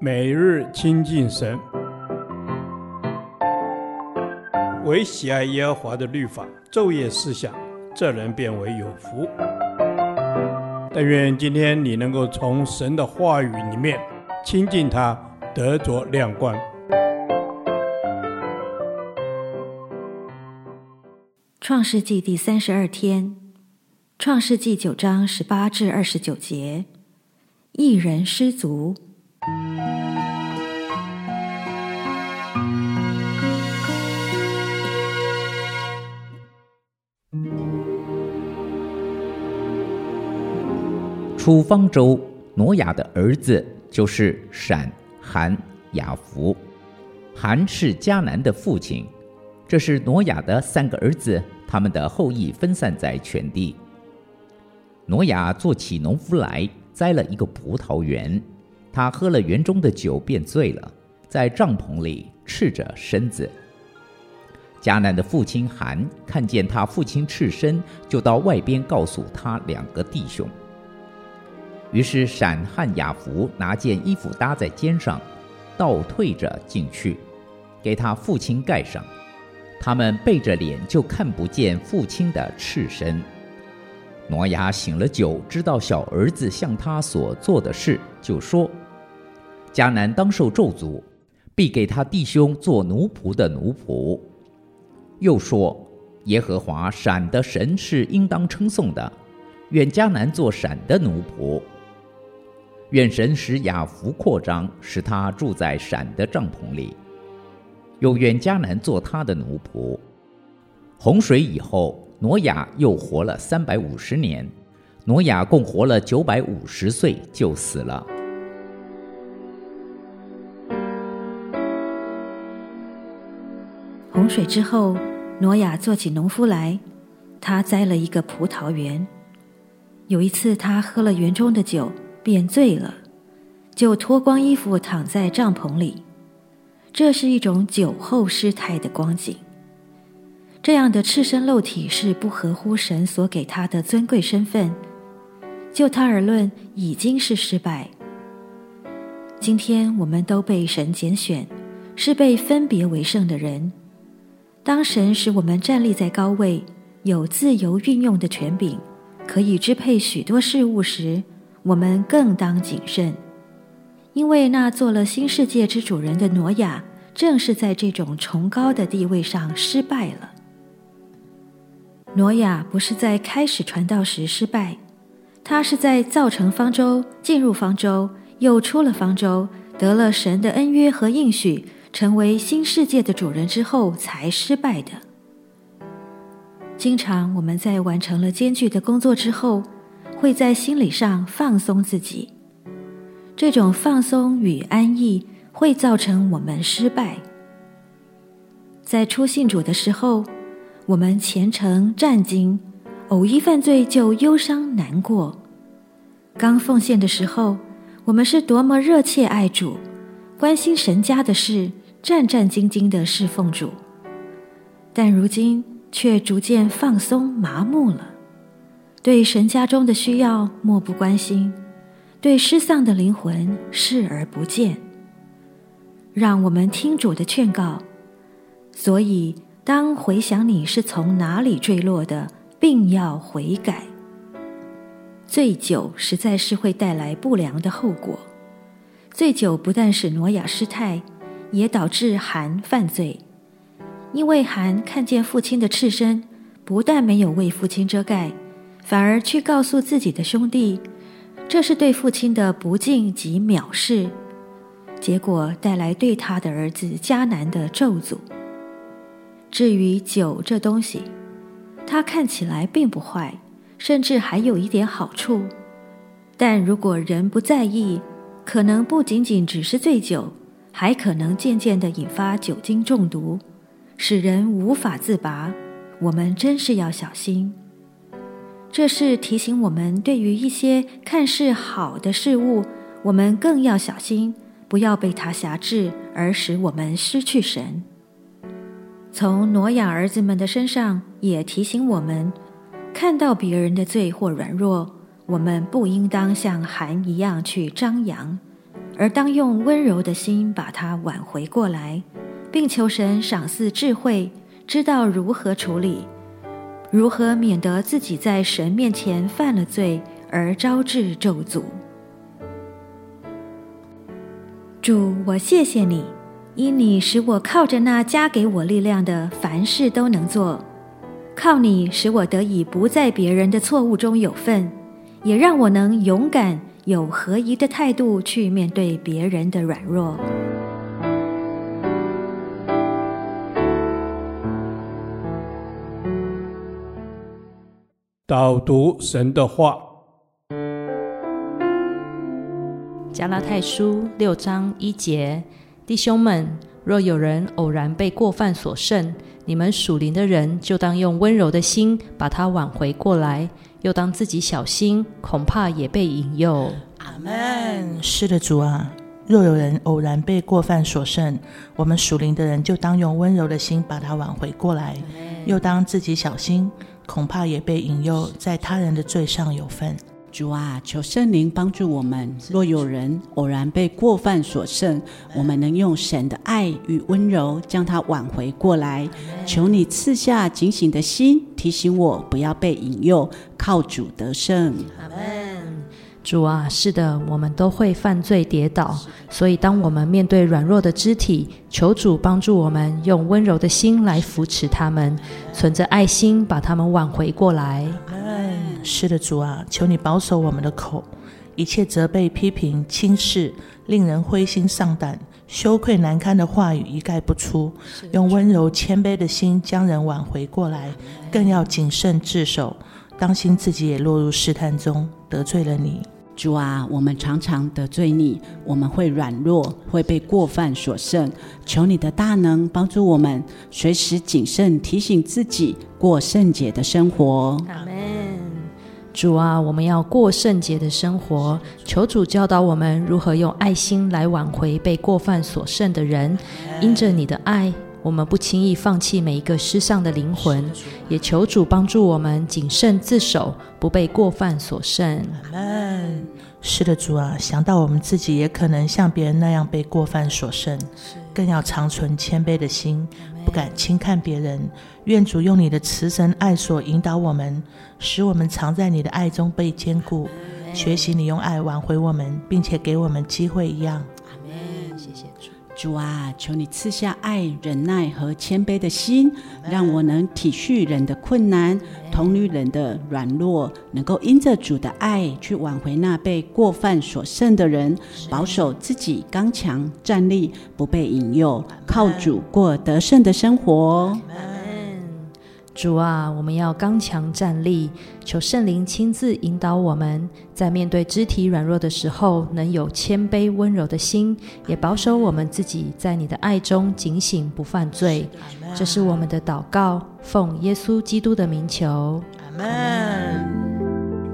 每日親近神，唯喜愛耶和華的律法，晝夜思想，這人便為有福。但願今天你能夠從神的話語裡面親近他，得着亮光。創世記第三十二天，創世記九章十八至二十九節，義人失足。出方舟，挪亞的兒子就是閃、含、雅弗。含是迦南的父親。這是挪亞的三個兒子，他們的後裔分散在全地。挪亞做起農夫來，栽了一個葡萄園。他喝了園中的酒，便醉了，在帳篷裡赤着身子。迦南的父親含看見他父親赤身，就到外邊告訴他兩個弟兄。於是閃和雅弗拿件衣服搭在肩上，倒退着進去，給他父親蓋上。他們背着臉，就看不見父親的赤身。挪亞醒了酒，知道小兒子向他所做的事，就說：“迦南當受咒詛，必給他弟兄做奴僕的奴僕。”又說：“耶和華閃的神是應當稱頌的，願迦南做閃的奴僕。”願神使雅弗擴張，使他住在閃的帳篷裡，又願迦南做他的奴僕。洪水以後，挪亞又活了三百五十年，挪亞共活了九百五十歲就死了。洪水之後，挪亞做起農夫來，他栽了一個葡萄園。有一次，他喝了園中的酒。便醉了，就脫光衣服躺在帳篷裡，這是一種酒後失態的光景。這樣的赤身露體是不合乎神所給他的尊貴身份，就他而論已經是失敗。今天我們都被神揀選，是被分別為聖的人。當神使我們站立在高位，有自由運用的權柄，可以支配許多事物時，我們更當謹慎，因為那做了新世界之主人的挪亞，正是在這種崇高的地位上失敗了。挪亞不是在開始傳道時失敗，他是在造成方舟、進入方舟、又出了方舟、得了神的恩約和應許，成為新世界的主人之後才失敗的。經常我們在完成了艱巨的工作之後，會在心理上放鬆自己，這種放鬆與安逸會造成我們失敗。在初信主的時候，我們虔誠戰兢，偶一犯罪就憂傷難過；剛奉獻的時候，我們是多麼熱切愛主，關心神家的事，戰戰兢兢的侍奉主，但如今却逐漸放鬆麻木了。對神家中的需要漠不關心，對失喪的靈魂視而不見。讓我們聽主的勸告。所以，當回想你是從哪裡墜落的，並要悔改。醉酒實在是會帶來不良的後果。醉酒不但使挪亞失態，也導致含犯罪，因為含看見父親的赤身，不但沒有為父親遮蓋。反而去告訴自己的兄弟，這是對父親的不敬及藐視，結果帶來對他的兒子迦南的咒詛。至於酒這東西，它看起來並不壞，甚至還有一點好處。但如果人不在意，可能不僅僅只是醉酒，還可能漸漸地引發酒精中毒，使人無法自拔。我們真是要小心。這是提醒我們，對於一些看似好的事物，我們更要小心，不要被它挾制而使我們失去神。從挪亞兒子們的身上，也提醒我們，看到別人的罪或軟弱，我們不應當像含一樣去張揚，而當用溫柔的心把它挽回過來，並求神賞賜智慧，知道如何處理。如何免得自己在神面前犯了罪而招致咒詛？主，我謝謝你，因你使我靠着那加給我力量的凡事都能做；靠你使我得以不在別人的錯誤中有份，也讓我能勇敢有合宜的態度去面對別人的軟弱。導讀神的話，加拉太書六章一節，弟兄們，若有人偶然被過犯所勝，你們屬靈的人就當用溫柔的心把他挽回過來，又當自己小心，恐怕也被引誘。阿門。是的，主啊，若有人偶然被過犯所勝，我們屬靈的人就當用溫柔的心把他挽回過來，阿們。又當自己小心。恐怕也被引誘，在他人的罪上有份。主啊，求聖靈幫助我們。若有人偶然被過犯所勝，我們能用神的愛與溫柔將他挽回過來。求你賜下警醒的心，提醒我不要被引誘，靠主得勝。主啊，是的，我們都會犯罪跌倒，是的。所以當我們面對軟弱的肢體，求主幫助我們用溫柔的心來扶持他們，是的。存着愛心把他們挽回過來。是的，主啊，求你保守我們的口，一切責備、批評、輕視、令人灰心喪膽、羞愧難堪的話語一概不出，用溫柔謙卑的心將人挽回過來，是的。更要謹慎自守，當心自己也落入試探中，得罪了你。主啊，我們常常得罪你，我們會軟弱，會被過犯所勝，求你的大能幫助我們，隨時謹慎，提醒自己過聖潔的生活。Amen 主啊，我們要過聖潔的生活，求主教導我們如何用愛心來挽回被過犯所勝的人，Amen 因着你的愛。我們不輕易放棄每一個失喪的靈魂，哦啊、也求主幫助我們謹慎自守，不被過犯所勝。我們是的，主啊，想到我們自己也可能像別人那樣被過犯所勝，是更要長存謙卑的心，Amen 不敢輕看別人。願主用你的慈神愛所引導我們，使我們常在你的愛中被堅固，Amen 學習你用愛挽回我們，並且給我們機會一樣。主啊，求你賜下愛、忍耐和謙卑的心，讓我能體恤人的困難，同理人的軟弱，能夠因着主的愛去挽回那被過犯所勝的人，是保守自己剛強站立，不被引誘，靠主過得勝的生活。主啊，我們要剛強站立，求聖靈親自引導我們，在面對肢體軟弱的時候，能有謙卑溫柔的心，也保守我們自己在你的愛中警醒，不犯罪。這是我們的禱告，奉耶穌基督的名求。阿們。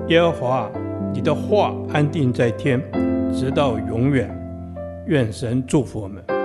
耶和華，你的話安定在天，直到永遠。願神祝福我們。